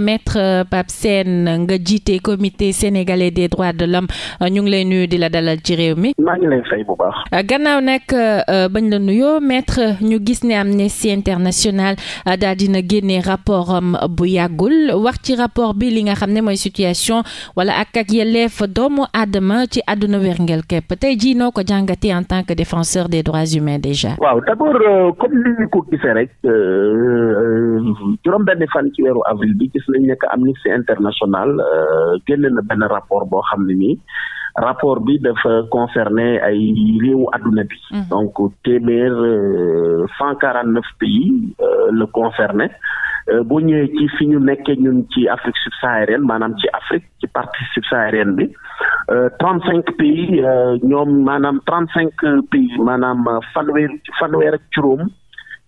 Maître euh, Pape Sène nga jiite comité sénégalais des droits de l'homme euh, ñu ngi lay nuyu di la dalal ci réew mi. maa ngi lay fay bu baax. Euh, gannaaw nag bañ la nuyoo maître ñu gis ne Amnesty International dal dina génne rapport bu yàggul wax ci rapport bi li nga xam ne mooy situation wala ak ak yelleef doomu aadama ci àdduna wérngel képp tey jii noo ko jàngatee en tant que défenseur des droits humains déjà. waaw d'abord comme ni ñu ko gisee rek juróom-benn fan ci gis nañ ne que Amnesty International euh, génn na benn rapport boo xam ne nii rapport bi dafa concerné ay réewu adduna bi. Mhm. donc téeméer euh, cent quarante neuf pays euh, la concerné. boo ñëwee ci fi ñu nekkee ñun ci Afrique subsaharienne maanaam ci Afrique ci partie subsaharienne bi trente cinq pays ñoom maanaam trente cinq pays maanaam fanweer fanweer ak juróom.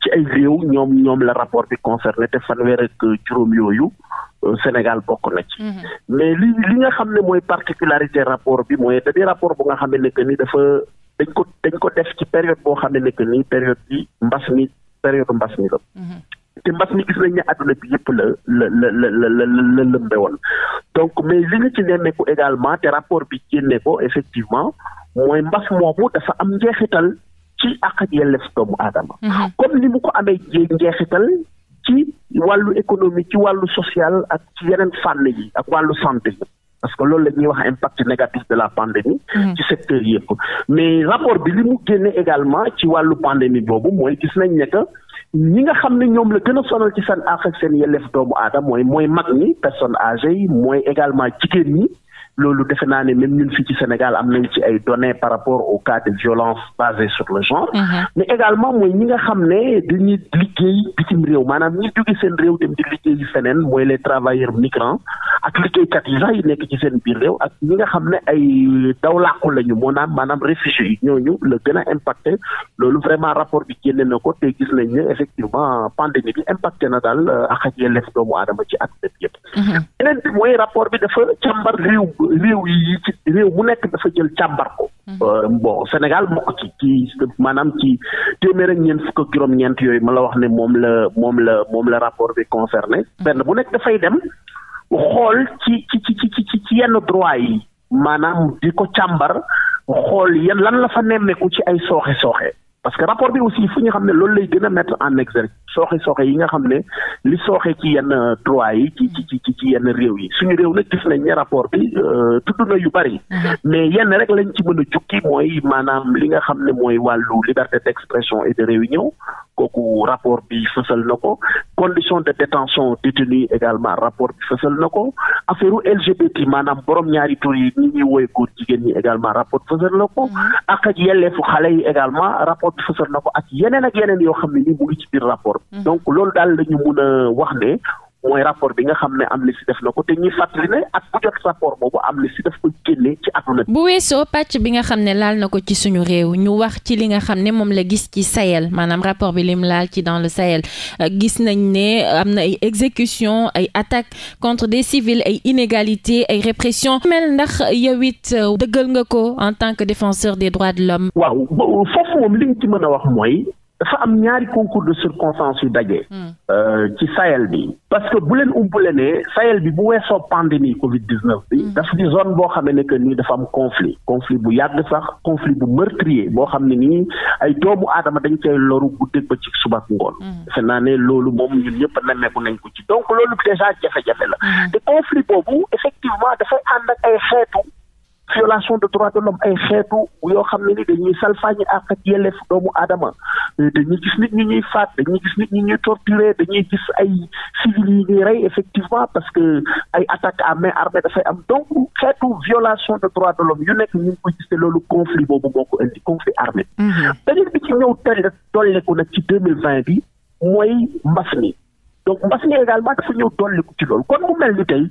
ci ay réew ñoom ñoom la rapport bi concerné te fanweer ak juróom yooyu euh, Sénégal bokk na ci. Mhm. mais li li nga xam ne mooy particularité rapport bi mooy dañuy rapport bu nga xam ne que ni dafa dañ ko dañ ko def ci période boo xam ne que ni période bi mbas mi période mbas mi la. Mhm. te mbas mi gis nañ ne bi yëpp la la la la la la lëmbe woon donc mais li nga ci nemmeeku également te rapport bi génne ko effectivement mooy mbas moomu dafa am njeexital. ci àq ak yelleef doomu aadama. Mhm. comme li mu ko amee njeexital ci wàllu économie ci wàllu social ak ci yeneen fànn yi ak wàllu santé parce que loolu la ñuy wax impact négatif de la pandémie mhm. ci secteur yëpp mais rapport bi li mu génne également ci wàllu pandémie boobu mooy gis nañ ne que ñi nga xam ne ñoom la gën a sonal ci seen àq ak seen yelleef doomu aadama mooy mooy mag ñi personnes âgées yi mooy également jigéen ñi loolu defe naa ne même ñun fii ci Sénégal am nañ ci ay données par rapport au cas de violence basée sur le genre. Mm-hmm. mais également mooy ñi nga xam ne dañuy liggéey bitim réew ñi jóge seen réew dem di liggéeyi feneen mooy les travailleurs migrants ak liggéeykat yi nekk ci seen biir réew ak ñi nga xam ne ay dawlaaku lañu moo naan maanaam réfugiés yi ñooñu la gën a impacté loolu vraiment rapport bi génne na ko te gis nañ ne effectivement pandémie bi impacté na daal euh, ak ak yelleef doomu aadama ci at bi yëpp. Mm-hmm. beneen mooy rapport bi dafa càmbar réew. réew yi ci réew mu nekk dafa jël càmbar ko. Mhm. Euh, bon Sénégal bokk ci ci maanaam ci téeméer ak ñeent fukk ak juróom-ñeent yooyu ma la wax ne moom la moom la moom la rapport bi concerné. Mhm. benn bu nekk dafay dem xool ci ci ci ci ci yenn droit yi maanaam di ko càmbar xool yan lan la fa nemmeeku ci ay sooxe sooxe parce que rapport bi aussi fu ñu xam ne loolu lay gën a mettre en exergue. sooxe sooxe yi nga xam ne li sooxe ci yenn euh, droit yi ci ci ci yenn réew yi suñu réew na gis nañ ne rapport bi euh, tudd na yu bari mais yenn rek lañ ci mën a jukki mooy maanaam li nga xam ne mooy wàllu liberté d'expression et de réunion kooku rapport bi fësal na ko condition de détention détenus également rapport bi fësal na ko affaire LGBT maanaam borom ñaari tur yi ñi ñuy woy góor jigéen ñi également na ko ak ak yelleefu xale yi également rapport bi fësal na ko ak yeneen ak yeneen yoo xam ne ni mu ngi ci Mhm. donc loolu daal la ñu mun a wax ne mooy rapport bi nga xam ne Amnesty def na ko te ñuy fàttali ne at bu jot rapport boobu Amnesty daf ko génne ci àdduna bu weesoo pàcc bi nga xam ne laal na ko ci suñu réew ñu wax ci li nga xam ne moom la gis ci Sahel maanaam rapport bi lim laal ci dans le Sahel euh, gis nañ ne am na ay exécution ay attaques contre des civils ay inégalités ay répression mel ndax yow it euh, dëggal nga ko en tant que défenseur des droits de l'homme waaw foofu li ñu mën a wax mooy dafa am ñaari concours de circonstances yu daje. Hmm. Euh, ci Sahel bi. parce que bu leen umpale ne Sahel bi bu weesoo pandémie Covid 19 bi. Hmm. dafa di zone boo xam ne que nii dafa am conflit. conflit bu yàgg sax conflit bu meurtrier boo xam ne nii ay doomu aadama dañ cay loru guddeeg ba ci suba ak ngoon. Hmm. defe naa ne loolu moom ñun ñëpp nemmeeku nañ ko ci donc loolu déjà jafe-jafe la. te conflit boobu effectivement dafay ànd ak ay xeetu. violation de droits de l'homme xeetu yoo xam ne ni dañuy salfaañi ak ak yelleef doomu aadama dañuy gis nit ñi ñuy faat dañuy gis nit ñi ñuy torturer dañuy gis ay civils yi ñuy rey effectivement parce que ay attaque à mais armée dafay am donc xeetu violation de droit de l'homme yu nekk ñu ngi ko loolu conflit boobu moo ko indi conflit armé mhm. beneen bi ci ñëw teel dolleeku nag ci deux mille vingt bi mooy mbas mi donc mbas mi également dafa ñëw dolliku ci loolu kon mu mel ni tey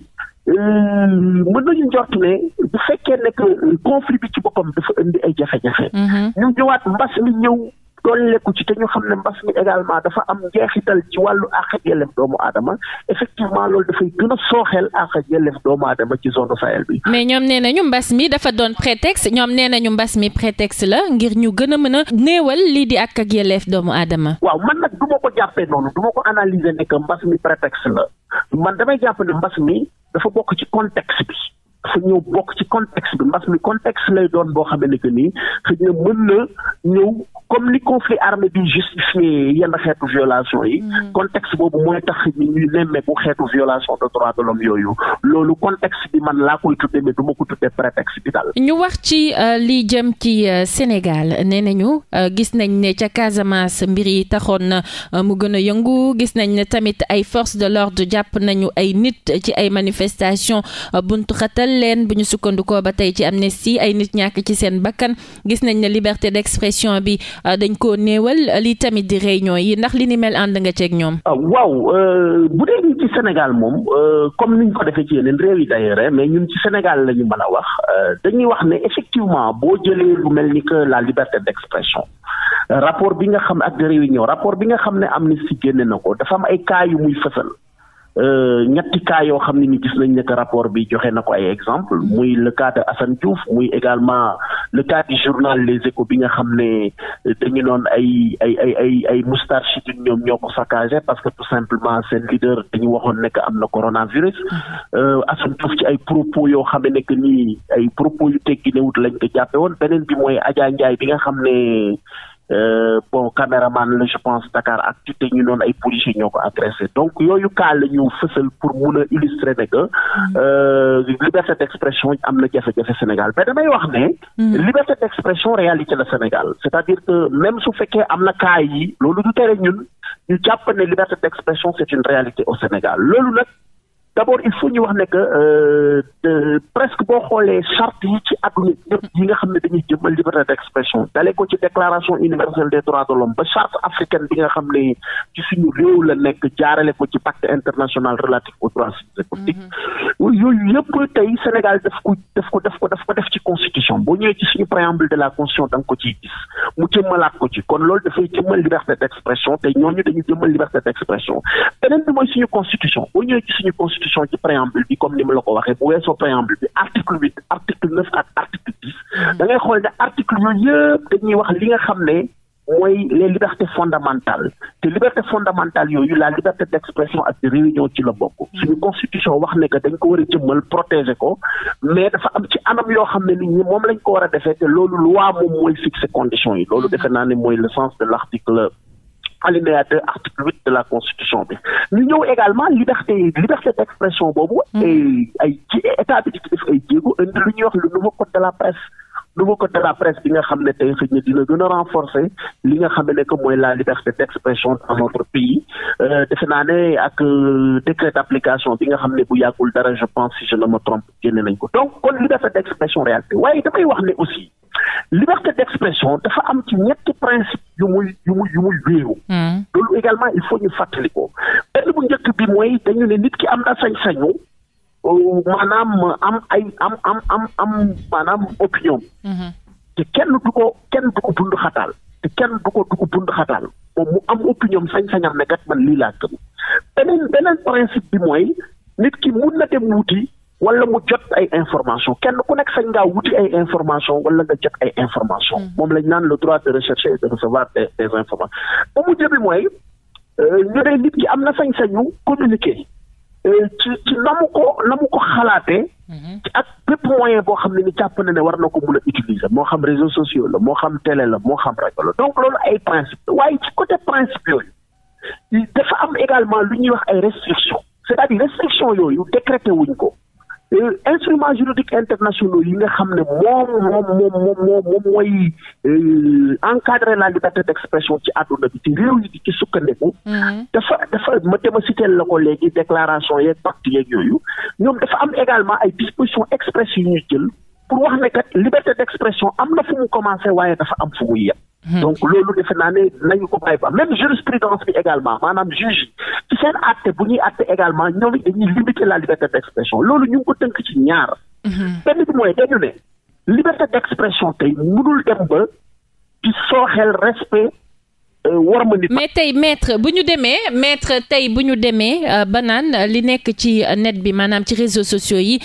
euh, mën nañu njort ne bu fekkee ne que euh, conflit bi ci boppam dafa indi ay jafe-jafe mhm. ñu ñëwaat mbas mi ñëw dolleeku ci te ñu xam ne mbas mi également dafa am njeexital ci wàllu àq ak yelleef doomu aadama effectivement loolu dafay gën a sooxeel àq ak yelleef doomu aadama ci zone Sahel bi. mais ñoom ne nañu mbas mi dafa doon prétexte ñoom nee nañu mbas mi prétexte la ngir ñu gën a mën néewal lii di àq ak yelleef doomu aadama. waaw man nag du ma ko jàppee noonu du ma ko analyser ne que mbas mi prétexte la man damay jàpp ne mbas mi dafa bokk ci contexte bi. dafa ñëw bokk ci contexte bi mbas mi contexte lay doon boo xam ne que nii xëy comme ni conflit armé bi justifié yenn xeetu violation yi mm. contexte boobu mooy tax ñu ñuy nemmeeku xeetu violation de droit de l'homme yooyu loolu contexte bi man laa koy tudde mais du ko tudde prétexte bi daal ñu wax ci euh, li jëm ci euh, Sénégal nee nañu euh, gis nañ ne ca Casamance mbir yi taxoon na mu gën a yëngu gis nañ ne tamit ay forces de l'ordre jàpp nañu ay nit ci ay manifestation buntu xatal leen bu ñu sukkandikoo ba tey ci Amnesty ay nit ñàkk ci seen bakkan gis nañ ne liberté d'expression bi Euh, dañ koo néewal li tamit di réunion yi ndax li ni mel ànd nga ceeg ñoom. Ah, waaw euh, bu dee ci Sénégal moom euh, comme niñ ko defee ci yeneen réew yi d'ailleurs mais ñun ci Sénégal la ñu mën a wax dañuy wax ne effectivement boo jëlee lu mel ni que la liberté d'expression rapport bi nga xam ak de réunion rapport bi nga xam ne am Amnesty génne na ko dafa am ay cas yu muy fësal. Euh, ñetti cas yoo xam ne ni gis nañ ne que rapport bi joxe na ko ay exemple muy le cas de Assane Diouf muy également le cas du journal Les Échos bi nga xam ne euh, dañu noon ay ay ay ay ñoom ñoo ko saccagé parce que tout simplement seen leader dañu waxoon ne que am na coronavirus mm-hmm. euh, Assane Diouf ci ay propos yoo xam ne que nii ay propos yu tegginewut lañ ko jàppe woon beneen bi mooy Adja Ndiaye bi nga xam ne Euh, bon caméraman la je pense Dakar ak ci te ñu noonu ay policiers ñoo ko agressé donc yooyu cas la ñu fësal pour mun a illustrer ne que mm. euh, liberté d'expression am na jafe-jafe Sénégal mais damay wax ne. Mm. liberté d'expression réalité la Sénégal c'est-à-dire que même su fekkee am na cas yi loolu du tere ñun ñu jàpp ne liberté d'expression c'est une réalité au Sénégal loolu nag. d' abord il faut ñu wax ne que euh, presque boo xoolee charte yi ci àdduna yi nga xam ne dañuy jëmmal liberté d' expression dalee ko ci déclaration universelle des droits de l'homme ba charte africaine bi nga xam ne ci suñu réew la nekk jaarale ko ci pacte international relatif aux droits civils et mm-hmm. yooyu yëpp tey Sénégal daf ko daf ko daf ko daf ko def ci constitution boo ñëwee ci suñu préambule de la constitution da nga ko ciy gis mu jëmmalaat ko ci kon loolu dafay jëmmal liberté d' te ñooñu dañu jëmmal liberté d' expression beneen bi mooy suñu constitution constitution ci préambule bi comme ni ma la ko waxee bu weesoo préambule bi article huit article neuf ak article dix mm-hmm. da ngay xool ne article yooyu yëpp dañuy wax li nga xam ne mooy les libertés fondamentales te liberté fondamentale yooyu la liberté d'expression ak de réunion ci la bokk mm-hmm. suñu constitution wax ne que dañ ko war a jëmmal protéger ko mais dafa am ci anam yoo xam ne nit moom lañ ko war a defee te loolu loi moom mooy fixer conditions yi loolu mm-hmm. defe naa ne mooy le sens de l'article alinéa deux article huit de la constitution bi ñu ñëw également liberté liberté d' expression boobu mm-hmm. ay ay ci état bi di ay jéego lu ñuy wax le nouveau code de la presse nouveau code de la presse bi nga xam ne tey xëy na dina gën a renforcer li nga xam ne ko mooy la liberté d' expression dans notre pays euh, defe naa ne ak euh, décret d' application bi nga xam ne bu yàggul dara je pense si je ne me trompe génne nañ ko donc kon liberté d' réalité waaye damay liberté d'expression dafa am ci ñett principe yu muy yu muy wéew muy wéeru hmm. loolu également il faut ñu fàttali ko benn bu njëkk bi mooy dañu ne nit ki am na sañ-sañu euh, maanaam am ay am am am maanaam opinion hmm. te kenn du ko kenn du ko bund xataal te kenn du ko du ko bund xataal moom mu am opinion sañ-sañam ne kat man lii laa gëm beneen beneen principe bi mooy nit ki mun na dem wuti wala mu jot ay information kenn ku nekk sañ ngaa wuti ay information walla nga jot ay information hmm. moom lañ naan le droit de rechercher et de recevoir des informations ba mu jëbi mooy euh, ñu ne nit ki am na sañ-sañu communiquer euh, ci na mu ko na mu ko xalaatee hmm. ak bépp moyen boo xam ne ni jàpp na ne war na ko mun a utiliser moo xam réseaux sociaux la moo xam télé la moo xam rajo la donc loolu ay principe waaye ci côté principe yooyu dafa am également lu ñuy wax ay restrictions cest yooyu décrété wuñ ko instruments juridiques internationaux yi nga xam ne moom moom moom moom moom moom mooy euh, encadrer la liberté d'expression ci àdduna bi ci réew yi di ci sukkandiku. Mm-hmm. dafa dafa ma te ma cité la ko léegi déclaration yeeg pacte yeeg yooyu ñoom dafa am également ay dispositions express yu jël pour wax ne kat liberté d'expression am na fu mu commencé waaye dafa am fu mu yem. Hmm. donc loolu defe naa ne nañu ko bàyyi ba même jurisprudence bi également maanaam juge ci seen àtte bu ñuy àtte également ñoom it dañuy limiter la liberté d'expression loolu ñu ngi ko tënk ci ñaar. Hmm. benn bi mooy dañu ne liberté d'expression tey mënul dem ba ci sooxel respect. Euh, war ma nit mais tey maître bu ñu demee maître tey bu ñu demee euh, ba naan euh, li nekk ci net bi maanaam ci réseaux sociaux yi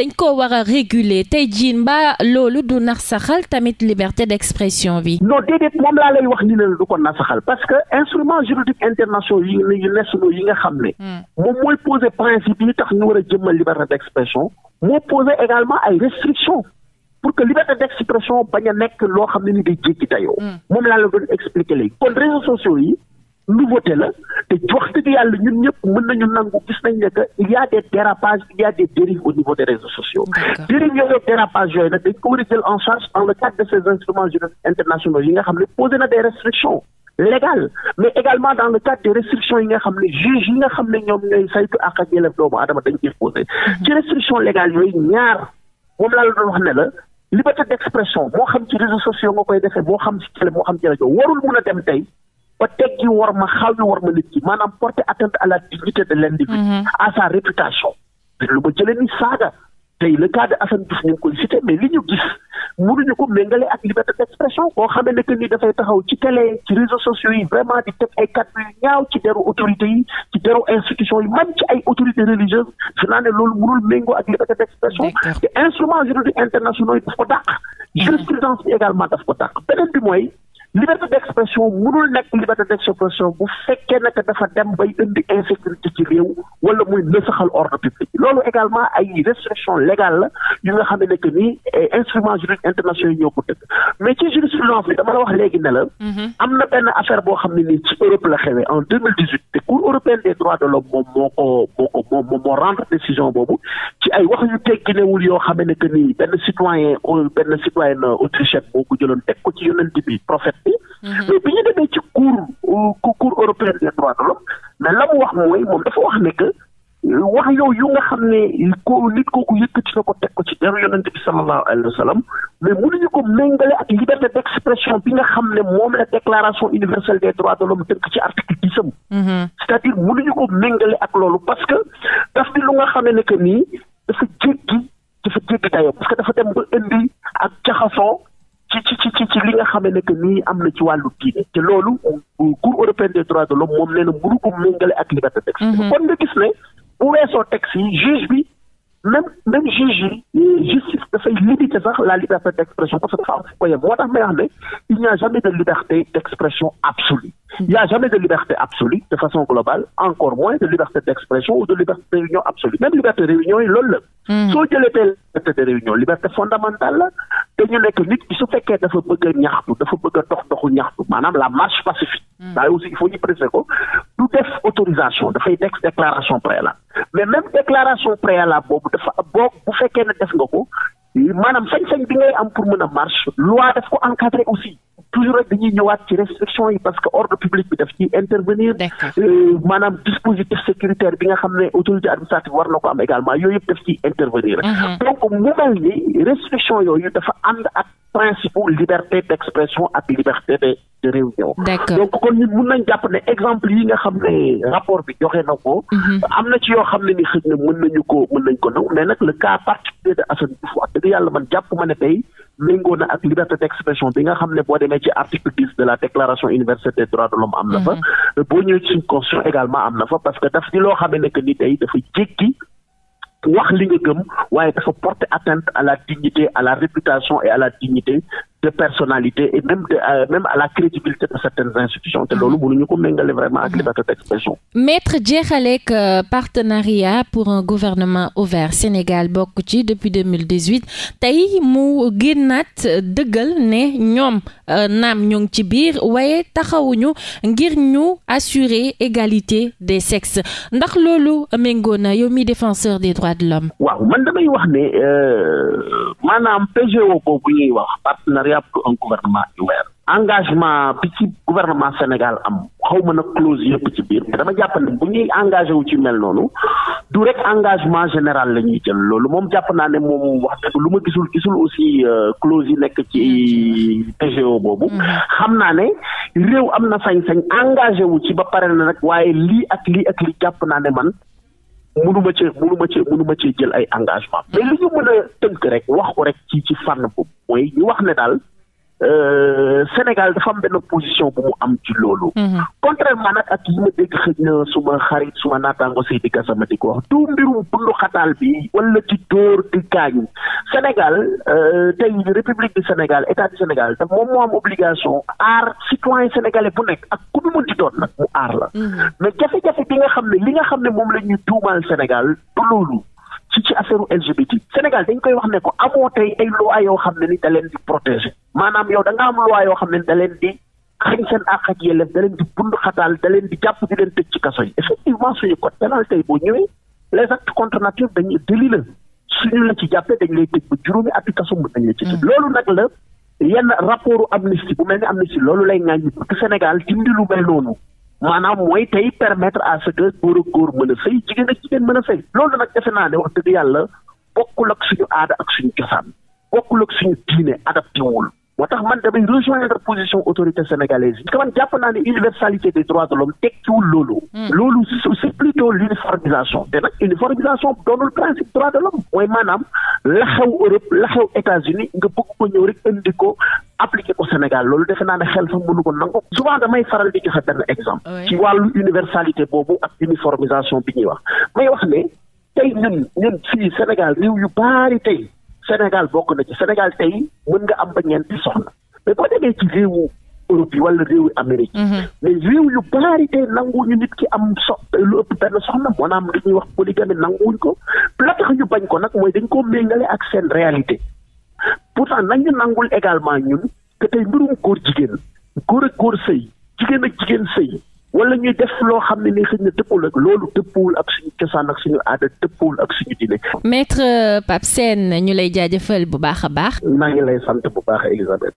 dañ ko war a réguler tey jii mbaa loolu du nasaxal tamit liberté d'expression bi. non déedéet moom laa lay wax ni la du ko nasaxal parce que instrument juridique international yi yu nationaux yi nga xam ne. Hmm. moom mooy poser principe yi tax ñu war a jëmmal liberté d'expression moo poser également ay restrictions. pour que liberté d'expression bañ a nekk loo xam ne ni day jéggi dayoo. Mm. moom laa la doon expliquer léegi. kon réseaux sociaux yi nouveauté la te wax dëgg yàlla ñun ñëpp mën nañu nangu gis nañ ne que il y a des dérapages il y a des dérives au niveau des sociaux. dérives yooyu dérapage yooyu nag dañ ko a en charge dans le cadre de ces instruments juridiques internationaux yi nga xam ne posé na des restrictions. légal mais également dans le cadre des ne juge liberté d'expression moo xam ci réseaux sociaux nga koy defee moo xam ci télé moo xam ci warul mun a dem tey ba teggi war ma xaw ma war ma nit ki maanaam porter atteinte à la dignité de l'individu mhm. à sa réputation. lu ma jëlee ni saaga tey le cas de Assane Diouf ñu ngi koy mais li ñu gis. mënuñu ko méngale ak liberté d'expression koo xamee ne nii ni dafay taxaw ci télé ci réseaux sociaux yi vraiment di teg ay kàddu yu ñaaw ci deru autorités yi ci deru institution yi même ci ay autorités religieuses su naa ne loolu mënul méngoo ak liberté d'expression te instruments juridiques internationaux yi daf ko dàq mm-hmm. jurisprudence bi également daf ko dàq beneen bi mooy liberté d' expression mënul nekk liberté d' expression bu fekkee ne dafa dem bay indi insécurité ci réew wala muy nësaxal ordre public loolu également ay restriction légale la yu nga xam ne que ni eh, instruments juridiques internationaux yi ñoo ko tëgg mais ci jurisprudence bi dama la wax léegi ne la mhm. am na benn affaire boo xam ne nii ci Europe la xewee en deux mille dix huit te Cour européenne des droits de l'homme moom moo ko moo ko moom moo rendre décision yoo xam ne ni benn citoyen benn citoyen ci yonent bi mm-hmm. mais bi ñu demee ci cour euh, cour européenne des droits de l'homme mais la mu wax mooy moom dafa wax ne que euh, wax yow yu nga xam ne ko nit kooku yëkkati na ko teg ko ci deru yonent bi sallallahu alayhi wa mu mais mënuñu ko méngale ak liberté d' expression bi nga xam ne moom la déclaration universelle des droits de l'homme tënk ci article dixam mm-hmm. c' est à dire mënuñu ko méngale ak loolu parce que daf di lu nga xam ne que nii dafa jéggi dafa jéggi dayoo parce nekk nii am na ci wàllu diine te loolu cour européenne des droits de l'homme moom nee na mënu ko méngale ak liberté d'expression mhm. kon nga gis ne bu weesoo texte yi juge bi même même juge yi justice dafay limiter sax la liberté d'expression parce que dafa ko yem moo tax may wax ne il n'y a jamais de liberté d'expression absolue Il n'y a jamais de liberté absolue de façon globale, encore moins de liberté d'expression ou de liberté de réunion absolue. Même liberté de réunion yi la. Hmm. soo jëlee tey liberté de réunion liberté fondamentale la te ñu nekk nit ki su fekkee dafa bëgg a ñaxtu dafa bëgg a dox doxu ñaxtu maanaam la marche pacifique. waaye hmm. aussi il faut ñu préciser ko du def autorisation dafay def déclaration préalable mais même déclaration préalable boobu dafa boo bu fekkee ne def nga ko maanaam sañ-sañ bi ngay pour mën a marche loi toujours rek dañuy ñëwaat ci restriction yi parce que ordre public bi daf ciy intervenir euh, maanaam dispositif sécuritaire bi nga xam ne autorité administrative war na ko am également yooyu yëpp daf ciy intervenir mhm. donc mu mel ni restriction yooyu dafa ànd ak principe liberté d'expression ak liberté de de réunion donc kon ñun mun nañ jàpp ne exemple yi nga xam ne rapport bi joxe na ko mhm. am na ci yoo xam ne ni xëj na mën nañu ko mën nañ ko naw mais nag le cas particulier de Assane Diouf wax dëgg yàlla man jàpp ma ne tey méngoo na ak liberté d'expression bi nga xam ne boo demee ci article dix de la déclaration universelle des droits de l'homme am na fa mm-hmm. boo ñëwee ci suñ constitution également am na fa parce que daf di loo xamee ne que ni tey dafa jékki wax li nga gëm waaye dafa porté atteinte à la dignité à la réputation et à la dignité de personnalité et même de, euh, même ko méngale vraiment ak mm-hmm. liberté d'expression. maître euh, partenariat pour un gouvernement ouvert Sénégal bokk ci depuis 2018 tey mu génnaat dëggal ne ñoom euh, naam ñoo ngi ci biir waaye taxawuñu ngir ñu assurer égalité des sexes ndax loolu méngoo na yow mi défenseur des droits de l'homme waaw man damay wax ne euh, maanaam PGO boobu ñuy wax incroyable qu'un gouvernement humain engagement bi ci gouvernement Sénégal am xaw ma nag clause yëpp ci biir dama jàpp ne bu ñuy engagé wu ci mel noonu du rek engagement général la ñuy jël loolu moom jàpp naa ne moom wax dëgg lu ma gisul gisul aussi euh, clause yi nekk ci TGO boobu mm-hmm. xam naa ne réew am na sañ-sañ engagé ci ba pare na nag waaye lii ak li ak li jàpp naa ne man mënuma ci mënuma ci jël ay engagement mais li ñu mën a tënk rek wax rek ci ci fànn mooy ñu wax ne daal euh, Sénégal dafa am benn position bu mu am ci loolu. Mhm. contrairement nag ak yi ma dégg xëj na suma xarit suma naataango Seydi Gassama di ko wax du mbirum bundu xataal bi wala ci dóor di gaañu Sénégal euh, tey république du Sénégal état du Sénégal te moom moo am obligation aar citoyen sénégalais bu nekk ak ku mu mënti doon nag mu aar la. Mhm. mais jafe-jafe bi nga xam ne li nga xam ne moom la ñuy tuumaal Sénégal du loolu. ci ci affaire LGBT Sénégal dañ koy wax ne ko amoo tey ay loi xam ne ni da leen di protéger maanaam yow da nga am loi xam ne ni da di xañ seen àq ak yelleef da leen di bund xataal da di jàpp di leen tëj ci kaso yi effectivement suñu code pénal tey boo ñëwee les actes contre nature dañuy délit la suñu la ci jàppee dañ lay tëj ba juróomi atti kaso mën nañ la ci mm. loolu nag la yenn rapportu amnistie bu mel ni amnistie loolu lay ŋaañ parce que Sénégal dindi lu mel noonu maanaam mooy tey permettre à ce que góor ak góor mën a sëy jigéen ak jigéen mën a fey loolu nag defe naa ne wax dëgg yàlla bokkul ak suñu aada ak suñu cosaan bokkul ak suñu diine adapté wul moo tax man damay rejoindre position autorité sénégalaise parce que man jàpp naa ne universalité des droits de l'homme tekkiwul loolu hmm. loolu c'est plutôt l'uniformisation te nag uniformisation doonul principe droit de l'homme mooy maanaam la Europe la xew États-Unis nga bëgg ko ñëw rek indi ko appliqué ko Sénégal loolu defe naa ne xel fa mënu ko nangu souvent damay faral di joxe benn exemple ci wàllu universalité boobu ak uniformisation bi ñuy wa may wax ne tey Sénégal réew yu bari Sénégal bokk na ci Sénégal tey mën nga am ba ñeenti soxna mais boo demee ci réewu Europe yi wala réewu Amérique. Mhm. mais réew yu bari tey nanguwuñu nit ki am so lu ëpp benn soxna maanaam li ñu wax polygamie nanguwuñ ko la tax ñu bañ ko nag mooy dañ koo méngale ak seen réalité pourtant nañu nangul également ñun que tey mbirum góor jigéen góor ak góor sëy jigéen ak jigéen sëy. wala ñuy def loo xam ne ni xëy na dëppul ak loolu wul ak suñu cosaan ak suñu aada dëppul ak suñu diine. maître Pape Sène ñu lay jaajëfal bu baax a baax. maa ngi lay sant bu baax Elisabeth.